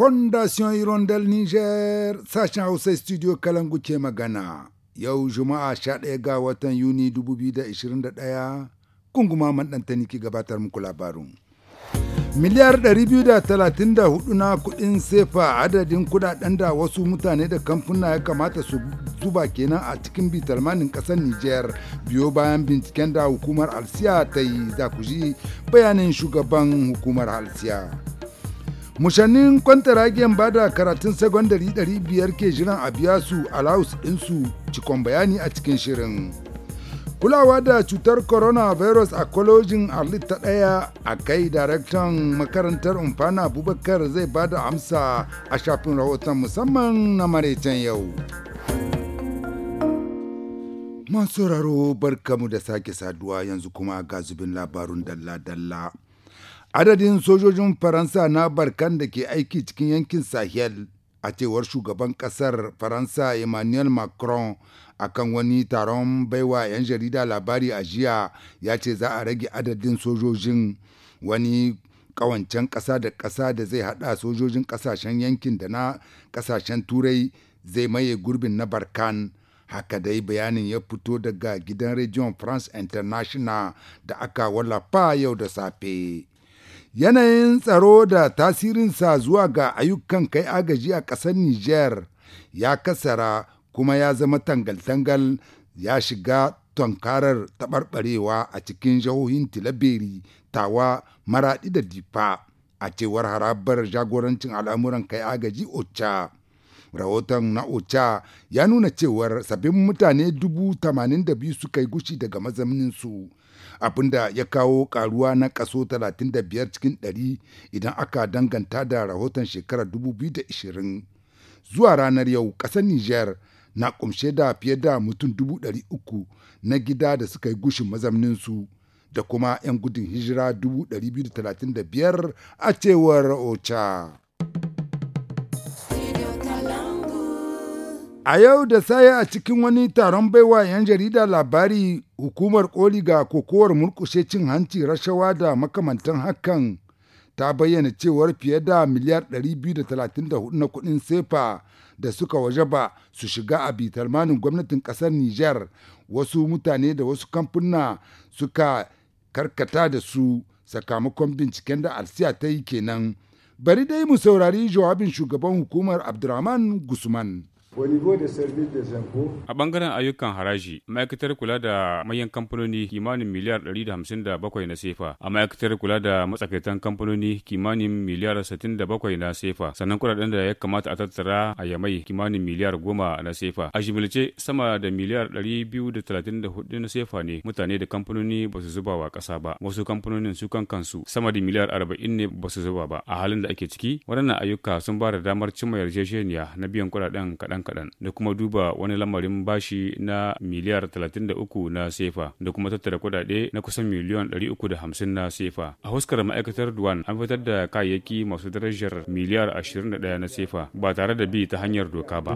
Fondation Hirondelle Niger sashen Hausa Studio Kalangu ke magana. Yau Juma'a 11 ga watan Yuni 2021 kunguma maɗanta niki gabatar muku labarin. Miliyar 234 na kuɗin sefa adadin kuɗaɗen da wasu mutane da kamfuna ya kamata su zuba kenan a cikin bitalmanin ƙasar Nijar biyo bayan binciken da hukumar Alsiya ta yi za ji bayanin shugaban hukumar Alsiya. mushannin kwantaragen ba da karatun sagwandari 500 ke jiran a biya su a allowance ɗinsu cikon bayani a cikin shirin kulawa da cutar coronavirus a kwalojin Ali ta ɗaya a kai daraktan makarantar umfana abubakar zai ba da amsa a shafin rahoton musamman na maraicen yau masu sauraro barkamu da sake saduwa yanzu kuma ga zubin labarun dalla-dalla Adadin sojojin Faransa na barkan da ke aiki cikin yankin Sahel a cewar shugaban ƙasar Faransa Emmanuel Macron kan wani taron baiwa 'yan jarida labari a jiya ya ce za a rage adadin sojojin wani kawancen ƙasa da ƙasa da zai haɗa sojojin ƙasashen yankin da na ƙasashen turai zai maye gurbin na barkan haka dai bayanin ya fito daga gidan region france international da aka wallafa yau da safe Yanayin tsaro da tasirinsa zuwa ga ayyukan kai agaji a ƙasar Nijar ya kasara kuma ya zama tangal-tangal ya shiga tankarar taɓarɓarewa a cikin jihohin Tilaberi, Tawa, Maraɗi da Difa a cewar harabar jagorancin al'amuran kai agaji OCHA. Rahoton na OCHA ya nuna cewar sabbin mutane dubu tamanin da biyu suka yi gushi daga su. abinda ya kawo karuwa na kaso 35 cikin 100 idan aka danganta da rahoton shekarar 2020 zuwa ranar yau ƙasar niger na kumshe da fiye da mutum 300 na gida da suka yi gushin mazamninsu da kuma 'yan gudun hijira 235 a cewar ocha A yau da saya a cikin wani taron baiwa 'yan jarida labari hukumar koli ga kokowar murkushe cin hanci rashawa da makamantan hakan ta bayyana cewar fiye da miliyar 234 na kuɗin sefa da suka wajaba su shiga a bitalmanin gwamnatin kasar Nijar wasu mutane da wasu kamfuna suka karkata da su sakamakon binciken da alsiya ta yi kenan. Bari dai mu saurari jawabin shugaban hukumar Abdurrahman Gusman. A bangaren ayyukan haraji, ma'aikatar kula da mayan kamfanoni kimanin miliyar 157 na sefa, a ma'aikatar kula da matsakaitan kamfanoni kimanin miliyar 67 na sefa, sannan kudaden da ya kamata a tattara a yamai kimanin miliyar 10 na sefa. A jimilce sama da miliyar 234 na sefa ne mutane da kamfanoni ba su zuba wa ƙasa ba, wasu kamfanonin su kan kansu sama da miliyar 40 ne ba su zuba ba. A halin da ake ciki, waɗannan ayyuka sun ba da damar cimma yarjejeniya na biyan kudaden kaɗan kaɗan da kuma duba wani lamarin bashi na miliyar 33 na sefa da kuma tattara kuɗaɗe na kusan miliyan 350 na sefa a huskar ma'aikatar duwan an fitar da kayayyaki masu darajar miliyar 21 na sefa ba tare da bi ta hanyar doka ba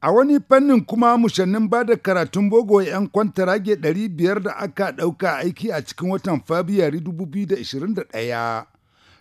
A wani fannin kuma mushannin ba da karatun bogo 'yan kwantarage 500 da aka ɗauka aiki a cikin watan Fabiyari 2021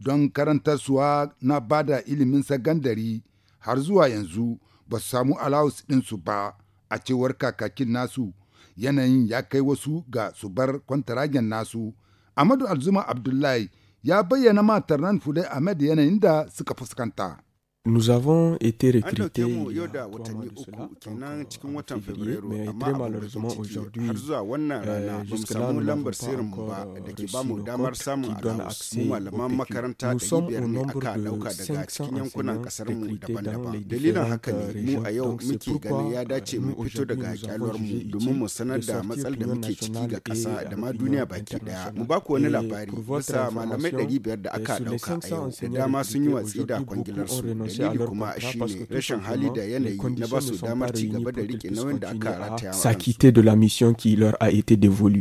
don karantarsuwa na bada ilimin sagandari har zuwa yanzu ba su samu allowance ɗinsu ba a cewar kakakin nasu yanayin ya kai wasu ga su bar kwantaragen nasu amadu alzuma abdullahi ya bayyana matar nan fudai ahmed yanayin da suka fuskanta Nous avons été ah recrutés il y a trois mois de cela, donc en février, mais très malheureusement aujourd'hui, euh, jusque-là, nous n'avons pas encore reçu le code qui donne accès au PQ. Nous sommes au nombre de 500 enseignants recrutés dans les différentes euh, régions, donc c'est pourquoi nous euh, aujourd'hui nous avons jugé utile de sortir l'Union nationale et la Union internationale. Et pour votre information, sur les 500 enseignants recrutés aujourd'hui, beaucoup ont renoncé dalili kuma shine rashin hali da yanayi na ba su damar ci gaba da rike nauyin da aka rataya sakite de la mission qui leur a été dévolue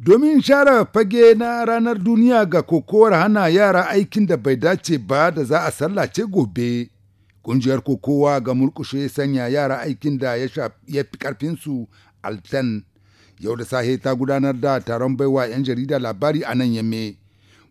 domin share fage na ranar duniya ga kokowar hana yara aikin da bai dace ba da za a sallace gobe kungiyar kokowa ga mulkushe sanya yara aikin da ya fi su altan yau da sahe ta gudanar da taron baiwa 'yan jarida labari a nan yamme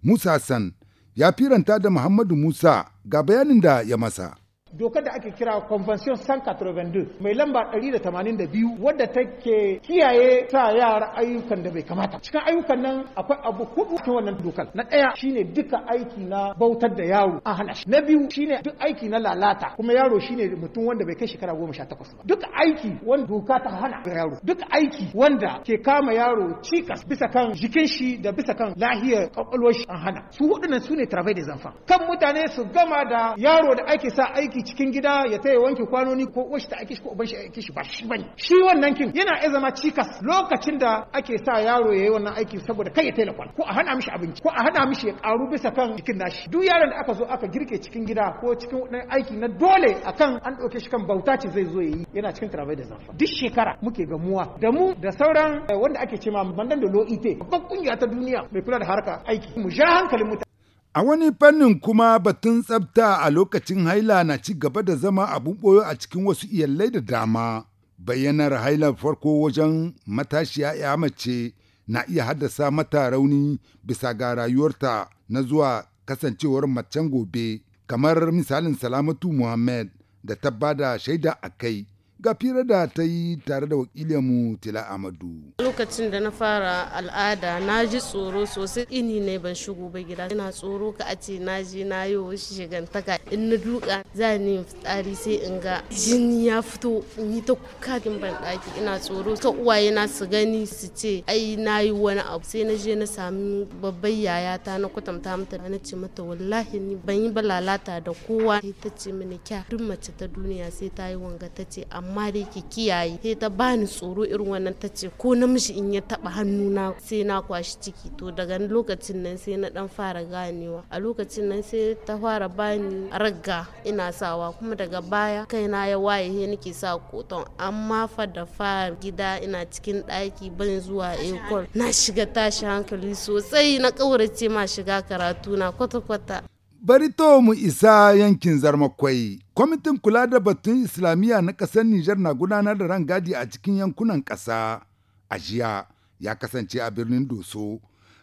musa san ya firanta da Muhammadu Musa ga bayanin da ya masa. dokar da ake kira convention 182 mai lamba 182 wadda take kiyaye sa yara ayyukan da bai kamata cikin ayyukan nan akwai abu hudu ta wannan dokar na ɗaya shine duka aiki na bautar da yaro a hana shi na biyu shine duk aiki na lalata kuma yaro shine mutum wanda bai kai shekara goma sha takwas ba duk aiki wanda doka ta hana ga yaro duk aiki wanda ke kama yaro cikas bisa kan jikin shi da bisa kan lahiyar kwakwalwar shi an hana su hudu nan su ne travail des kan mutane su gama da yaro da ake sa aiki cikin gida ya taya wanke kwanoni ko uwashi ta ake shi ko uban shi ake shi ba shi bane shi wannan kin yana iya zama cikas lokacin da ake sa yaro yayi wannan aiki saboda kai ya taya kwano ko a hana mishi abinci ko a hana mishi ya karu bisa kan cikin nashi duk yaron da aka zo aka girke cikin gida ko cikin aiki na dole akan an ɗauke shi kan bauta ce zai zo yayi yana cikin travel da zafa duk shekara muke gamuwa da mu da sauran eh, wanda ake cewa mandan da lo'ite babban kungiya ta duniya mai kula da harka aiki mu ja hankalin mutane A wani fannin kuma batun tsafta a lokacin haila na ci gaba da zama abun boyo a cikin wasu iyalai da dama. Bayyanar hailar farko wajen matashiya ya mace na iya haddasa mata rauni bisa ga rayuwarta na zuwa kasancewar macen gobe, kamar misalin Salamatu Muhammad da ta bada shaida a kai. ga fira da ta yi tare da wakilinmu tila amadu lokacin da na fara al'ada na ji tsoro sosai ini ne ban shigo ba gida ina tsoro ka a ce na ji na yi wa shigantaka in na duka za ni fitsari sai in ga jini ya fito in yi ta kuka kin ban daki ina tsoro ta uwaye na su gani su ce ai na yi wani abu sai na je na sami babban yayata na kwatanta mata na ce mata wallahi ni ban yi balalata da kowa ta ce mini kya duk mace ta duniya sai ta yi wanga ta ce amma amma dai ki kiyaye sai ta bani tsoro irin wannan ta ce ko namiji in ya taba hannuna sai na kwashi ciki to daga lokacin nan sai na dan fara ganewa a lokacin nan sai ta fara bani ragga ina sawa kuma daga baya kaina ya waye he nake sa koton amma fa da fa gida ina cikin ɗaki ban zuwa ekol na shiga tashi hankali sosai na ƙaurace ma shiga karatu na kwata-kwata Bari to mu isa yankin zarmakwai. Kwamitin kula da batun Islamiyya na ƙasar Nijar na gudanar da rangadi a cikin yankunan ƙasa. A jiya ya kasance a birnin Doso.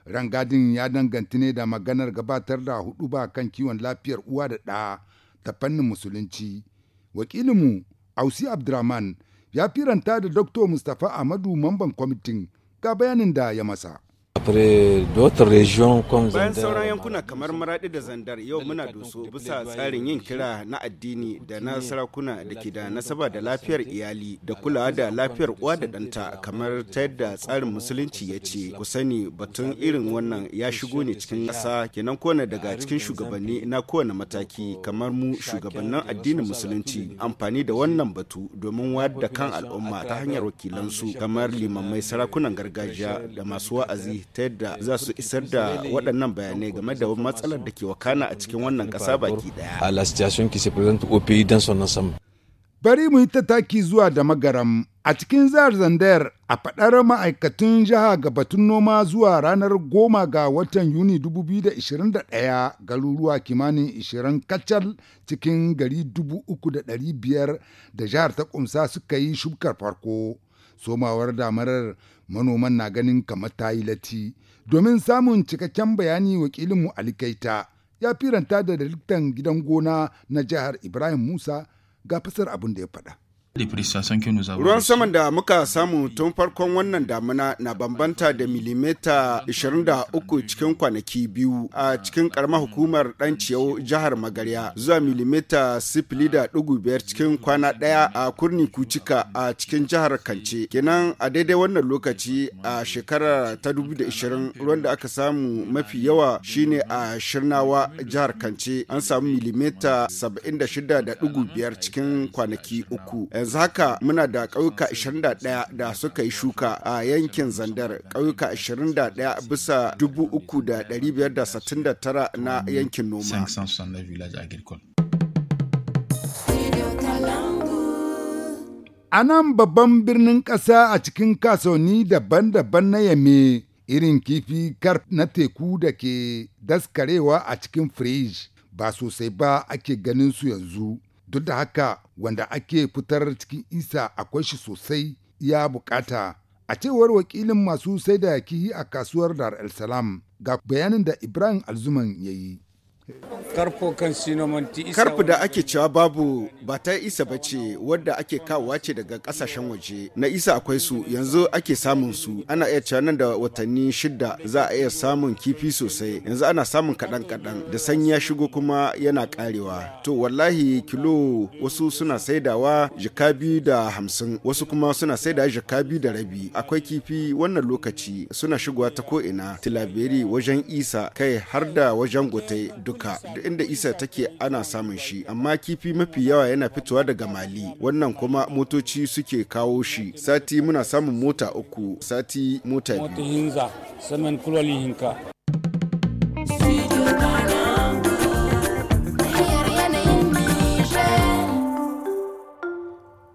Rangadin ya danganta ne da maganar gabatar da hudu ba kan kiwon lafiyar uwa da ɗa ta fannin musulunci. Wakilinmu Ausi Abdurrahman ya firanta da Dr. Mustapha Ahmadu mamban kwamitin ga bayanin da ya masa. Bayan sauran yankuna kamar Maraɗi da Zandar yau muna doso bisa tsarin yin kira na addini da na sarakuna da ke da nasaba da lafiyar iyali da kulawa da lafiyar uwa da ɗanta kamar ta yadda tsarin musulunci ya ce ku sani batun irin wannan ya shigo ne cikin ƙasa kenan kowane daga cikin shugabanni na kowane mataki kamar mu shugabannin addinin musulunci amfani da wannan batu domin wayar da kan al'umma ta hanyar wakilansu kamar limamai sarakunan gargajiya da masu wa'azi ta yadda eh, za su isar da waɗannan bayanai game da matsalar da ke wakana a cikin wannan ƙasa baki ɗaya. Bari mu yi ta taki zuwa da magaram a cikin zahar Zandayar a faɗar ma'aikatun jiha ga batun noma zuwa ranar goma ga watan Yuni 2021 garuruwa kimanin 20 kacal cikin gari 3,500 da jihar ta kumsa suka yi shukar farko. somawar damarar manoman na ganin kamar ta yi lati domin samun cikakken bayani wakilinmu alikaita ya firanta da daliktan gidan gona na jihar ibrahim musa ga fasar abin da ya faɗa. Ruwan saman da muka samu tun farkon wannan damuna na bambanta da milimeta 23 cikin kwanaki biyu a cikin karamar hukumar dan ciyau jihar Magarya zuwa milimeta 0.5 cikin kwana daya a kurni kucika a cikin jihar Kance. Kenan a daidai wannan lokaci a shekarar ta 2020 ruwan da aka samu mafi yawa shine a Shirnawa jihar Kance an samu milimeta 76.5 cikin kwanaki uku. yanzu haka muna da ƙauyuka 21 da suka yi shuka a yankin Zandar, ƙauyuka 21 bisa 3,569 na yankin noma. A nan babban birnin ƙasa a cikin kasoni daban-daban na yame irin kifi kar na teku da ke daskarewa a cikin firij ba sosai ba ake ganin su yanzu. Duk da haka wanda ake fitar cikin isa akwai shi sosai ya bukata a cewar wakilin masu sai da kihi a kasuwar dar el salam ga bayanin da ibrahim alzuman ya yi Karfi da ake cewa babu ba ta isa ba ce wadda ake kawowa ce daga kasashen waje. Na isa akwai su yanzu ake samun su. Ana iya cewa nan da watanni shida za a iya samun kifi sosai. Yanzu ana samun kaɗan kaɗan da sanyi ya shigo kuma yana ƙarewa. To wallahi kilo wasu suna saidawa jika biyu da hamsin wasu kuma suna saida jika biyu da rabi. Akwai kifi wannan lokaci suna shigowa ta ko'ina tilaberi wajen isa kai har da wajen gote. duk afirka duk inda isa take ana samun shi amma kifi mafi yawa yana fitowa daga mali wannan kuma motoci suke kawo shi sati muna samun mota uku sati mota biyu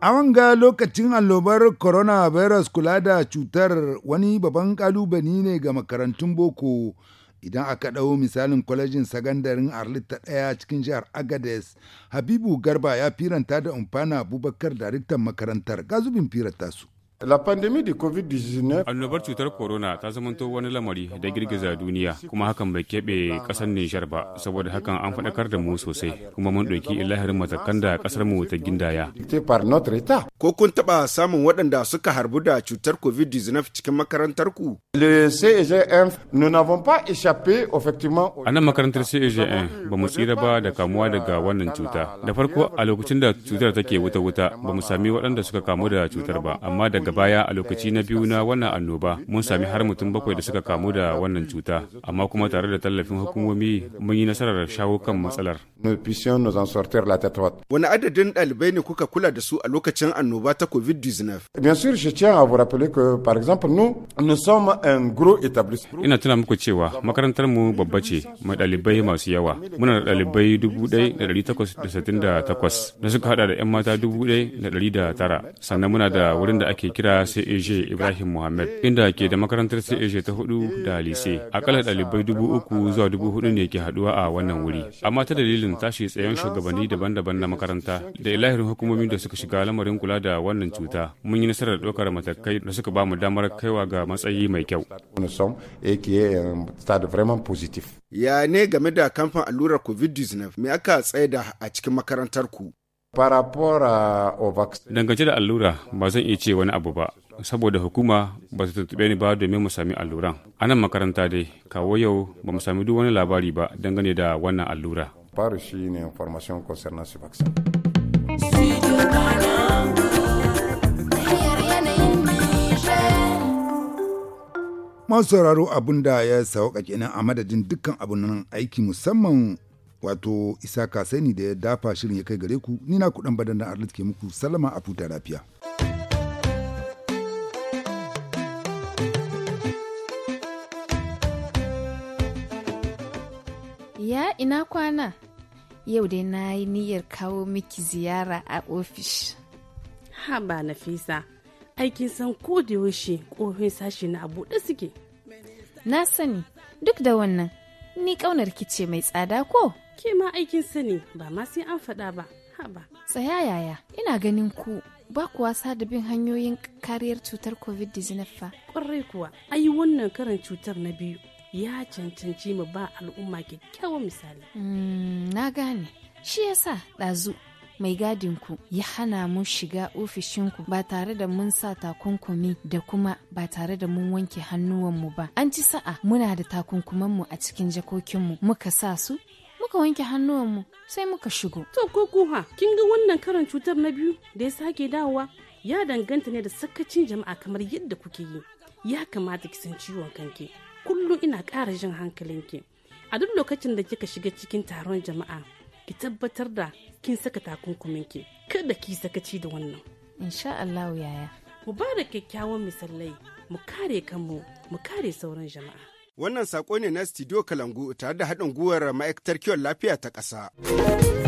A wanga lokacin allobar coronavirus kula da cutar wani babban kalubali ne ga makarantun boko idan aka ɗau misalin kwalejin sagandarin arlit ta ɗaya cikin jihar agades habibu garba ya firanta da umfana abubakar daraktan makarantar gazubin firanta su La pandémie de Annobar cutar corona ta zamanto wani lamari da girgiza duniya kuma hakan bai keɓe ƙasar Nijar ba saboda hakan an faɗakar da mu sosai kuma mun ɗauki ilahirin matakan da ƙasar mu ta gindaya. Ko kun taɓa samun waɗanda suka harbu da cutar COVID-19 cikin makarantar ku? Le CEGF nous n'avons pas échappé A nan makarantar cgn e ba mu tsira ba da kamuwa daga wannan cuta. Da farko a lokacin da cutar take wuta-wuta ba mu sami waɗanda suka kamu da cutar ba amma daga baya a lokaci na biyu na wannan annoba mun sami har mutum bakwai da suka kamu da wannan cuta amma kuma tare da tallafin hukumomi mun yi nasarar shawo kan matsalar. Wani adadin ɗalibai ne kuka kula da su a lokacin annoba ta COVID-19? Ina tuna muku cewa makarantar mu babba ce mai ɗalibai masu yawa. Muna da ɗalibai 1,868 da suka hada da 'yan mata tara sannan muna da wurin da ake kira kira CAG Ibrahim muhammed inda ke da makarantar CAG ta hudu da lise. Akalla dalibai dubu uku zuwa dubu hudu ne ke haduwa a wannan wuri. Amma ta dalilin tashi tsayen shugabanni daban-daban na makaranta da ilahirin hukumomi da suka shiga lamarin kula da wannan cuta. Mun yi nasarar ɗaukar matakai da suka ba mu damar kaiwa ga matsayi mai kyau. Ya ne game da kamfan allurar COVID-19 me aka tsaida a cikin makarantar ku? Dangance da allura ba zan iya ce wani abu ba, saboda hukuma ba su tuntuɓe ni ba domin mu sami alluran. A nan makaranta dai, kawo yau ba mu sami duk wani labari ba dangane da wannan allura. Faru shi ne information concernant su vaccin. Masu sauraro abun da ya sauƙaƙe nan a madadin dukkan abunan aiki musamman wato isaka sani da ya dafa shirin ya kai gare ku ni na kudan badan na arziki ke muku salama a futa lafiya. Ya ina kwana? Yau dai na yi niyyar kawo miki ziyara a ofish. Ha ba Nafisa, aikin san ko da yaushe kofin sashi na da suke. Na sani, duk da wannan, ni kaunar ki ce mai tsada ko? ke ma aikin sani ba ma sai an faɗa ba haba tsaya yaya ina ganin ku ba kuwa da bin hanyoyin kariyar cutar covid-19 fa ƙwarai kuwa ayi wannan karin cutar na biyu ya cancanci mu ba al'umma kyakkyawan misali hmm, na gane shi yasa ɗazu mai gadin ku ya hana mu shiga ofishinku ba tare da mun sa takunkumi da kuma ba tare da mun wanke hannuwanmu ba an ci sa'a muna da takunkumanmu a cikin jakokinmu muka sa su muka wanke mu sai muka shigo. To ko kuwa kin ga wannan karan cutar na biyu da ya sake dawowa ya danganta ne da sakacin jama'a kamar yadda kuke yi. Ya kamata ki san ciwon kanki. Kullum ina ƙara jin hankalinki. A duk lokacin da kika shiga cikin taron jama'a ki tabbatar da kin saka takunkuminki. Kada ki sakaci da wannan. Insha Allah yaya. Mu ba da kyakkyawan misalai mu kare kanmu mu kare sauran jama'a. Wannan saƙo ne na Studio Kalangu tare da haɗin gwiwar ma'aikatar kiwon lafiya ta ƙasa.